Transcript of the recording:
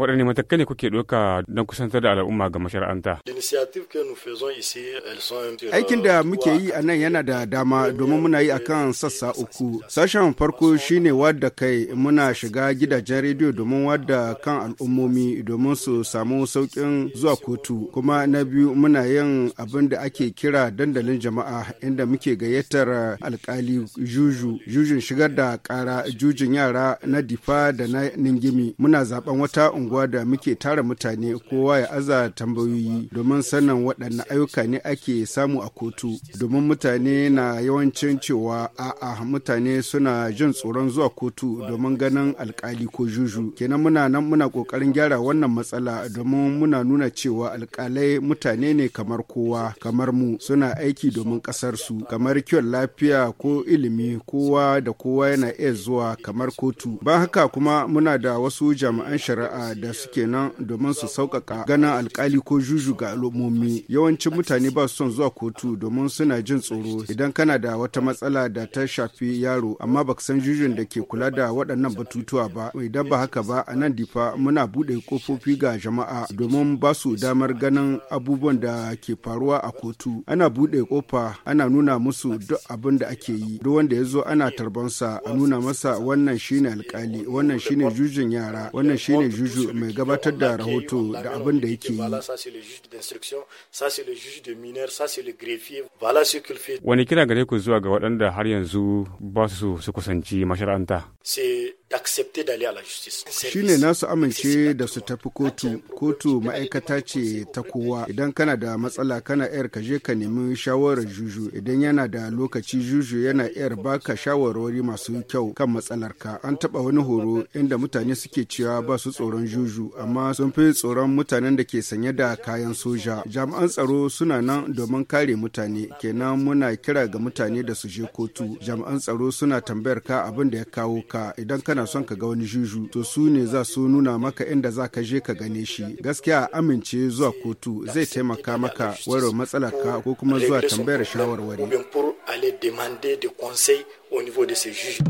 waɗanne matakai ne kuke ɗauka don kusantar da al'umma ga mashara'anta aikin da muke yi a nan yana da dama domin muna yi akan sassa uku sashen farko shine wadda kai muna shiga gidajen rediyo domin wadda kan al'ummomi domin su samu sauƙin zuwa kotu kuma na biyu muna yin abin da ake kira dandalin jama'a inda muke gayyatar alkali juju jujin shigar da kara jujin yara na difa da na ningimi muna zaben wata unguwa unguwa da muke tara mutane kowa ya aza tambayoyi domin sanin waɗanne ayyuka ne ake samu a kotu domin mutane na yawancin cewa a'a mutane suna jin tsoron zuwa kotu domin ganin alkali ko juju kenan muna nan muna ƙoƙarin gyara wannan matsala domin muna nuna cewa alkalai mutane ne kamar kowa kamar mu suna aiki domin su, kamar kiwon lafiya ko ilimi kowa da kowa yana iya zuwa kamar kotu ba haka kuma muna da wasu jami'an shari'a da suke nan domin su sauƙaƙa ganin alkali ko juju ga al'ummomi yawancin mutane ba su son zuwa kotu domin suna jin tsoro idan kana da wata matsala da ta shafi yaro amma baka san jujun da ke kula da waɗannan batutuwa ba idan ba haka ba a nan difa muna buɗe kofofi ga jama'a domin ba su damar ganin abubuwan da ke faruwa a kotu ana buɗe kofa ana nuna musu duk abin da ake yi duk wanda ya zo ana tarbansa a nuna masa wannan shine alkali wannan shine jujin yara wannan shine juju mai gabatar da rahoto da abin da yake yi. Wani kira gare ku zuwa ga waɗanda har yanzu ba su su kusanci mashara'anta? Shi ne nasu amince da su tafi kotu, kotu ma'aikata ce ta kowa idan kana da matsala kana yar ka je ka nemi shawarar juju idan yana da lokaci juju yana yar baka shawarwari masu kyau kan matsalarka an taba wani horo inda mutane suke cewa ba su tsoron juju. juju amma sun fi tsoron mutanen da ke sanye da kayan soja jami'an tsaro suna nan domin kare mutane kenan muna kira ga mutane da su je kotu jami'an tsaro suna tambayar ka abin da ya kawo ka idan kana son ka ga wani juju to su ne za su nuna maka inda za ka je ka gane shi gaskiya amince zuwa kotu zai taimaka maka wayar matsalar ka ko kuma zuwa tambayar shawarwari au niveau de ces juges.